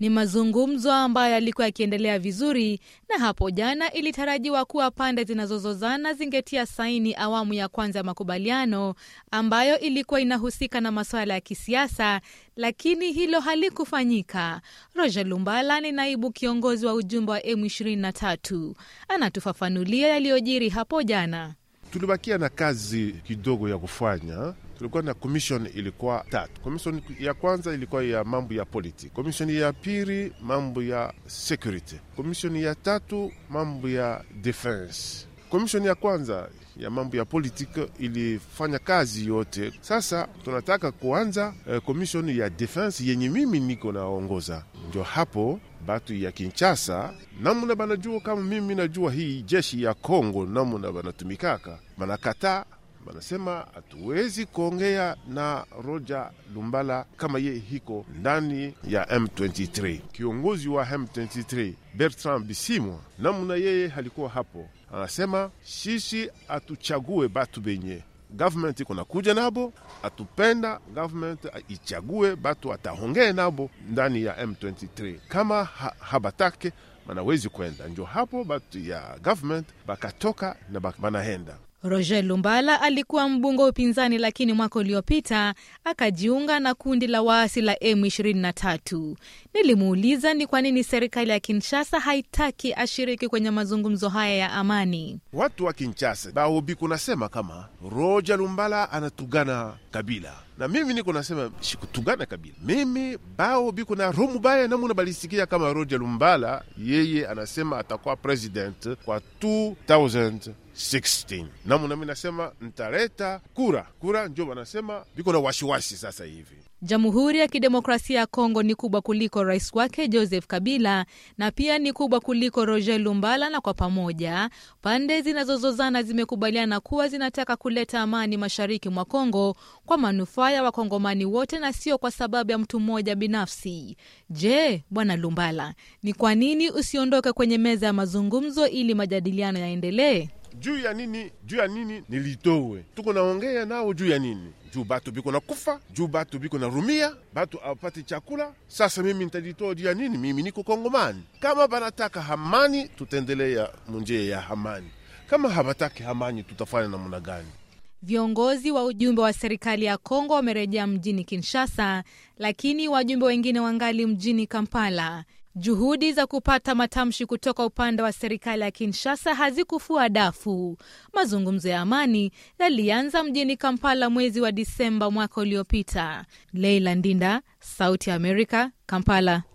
Ni mazungumzo ambayo yalikuwa yakiendelea vizuri, na hapo jana ilitarajiwa kuwa pande zinazozozana zingetia saini awamu ya kwanza ya makubaliano ambayo ilikuwa inahusika na masuala ya kisiasa, lakini hilo halikufanyika. Roger Lumbala ni naibu kiongozi wa ujumbe wa M23, anatufafanulia yaliyojiri hapo jana. Tulibakia na kazi kidogo ya kufanya tulikuwa na commission ilikuwa tatu. Commission ya kwanza ilikuwa ya mambo ya politiki, commission ya pili mambo ya security, commission ya tatu mambo ya defense. Commission ya kwanza ya mambo ya politiki ilifanya kazi yote. Sasa tunataka kuanza eh, commission ya defense yenye mimi niko naongoza, ndio hapo batu ya Kinshasa namuna banajua kama mimi najua hii jeshi ya Kongo namuna banatumikaka, banakataa banasema hatuwezi kuongea na roja Lumbala kama ye hiko ndani ya M23. Kiongozi wa M23 Bertrand Bisimwa, namuna yeye halikuwa hapo, anasema sisi atuchague batu benye government iko nakuja nabo, atupenda government ichague batu atahongee nabo ndani ya M23. Kama ha habatake manawezi kwenda, njo hapo batu ya government bakatoka na banaenda Roger Lumbala alikuwa mbunge wa upinzani lakini mwaka uliopita akajiunga na kundi la waasi la M23. Nilimuuliza ni kwa nini serikali ya Kinshasa haitaki ashiriki kwenye mazungumzo haya ya amani. Watu wa Kinshasa baobi kunasema kama Roger Lumbala anatugana Kabila, na mimi niko nasema shikutugana Kabila. Mimi baobi kuna romu baya namuna balisikia kama Roger Lumbala yeye anasema atakuwa president kwa 2000 16. Namu nami nasema ntaleta kura kura, ndio wanasema viko na washiwashi sasa hivi. Jamhuri ya Kidemokrasia ya Kongo ni kubwa kuliko rais wake Joseph Kabila na pia ni kubwa kuliko Roger Lumbala, na kwa pamoja pande zinazozozana zimekubaliana kuwa zinataka kuleta amani mashariki mwa Kongo kwa manufaa ya Wakongomani wote na sio kwa sababu ya mtu mmoja binafsi. Je, Bwana Lumbala, ni kwa nini usiondoke kwenye meza ya mazungumzo ili majadiliano yaendelee? juu ya nini? Juu ya nini nilitowe? Tuko naongea nao juu ya nini? Juu batu biko na kufa, juu batu biko na rumia, batu apate chakula. Sasa mimi nitajitoa juu ya nini? Mimi niko Kongomani. Kama banataka hamani tutaendelea munjia ya hamani Kama habataki hamani, tutafanya namna gani? Viongozi wa ujumbe wa serikali ya Kongo wamerejea mjini Kinshasa, lakini wajumbe wengine wangali mjini Kampala. Juhudi za kupata matamshi kutoka upande wa serikali ya Kinshasa hazikufua dafu. Mazungumzo ya amani yalianza mjini Kampala mwezi wa Disemba mwaka uliopita. Leila Ndinda, Sauti ya Amerika, Kampala.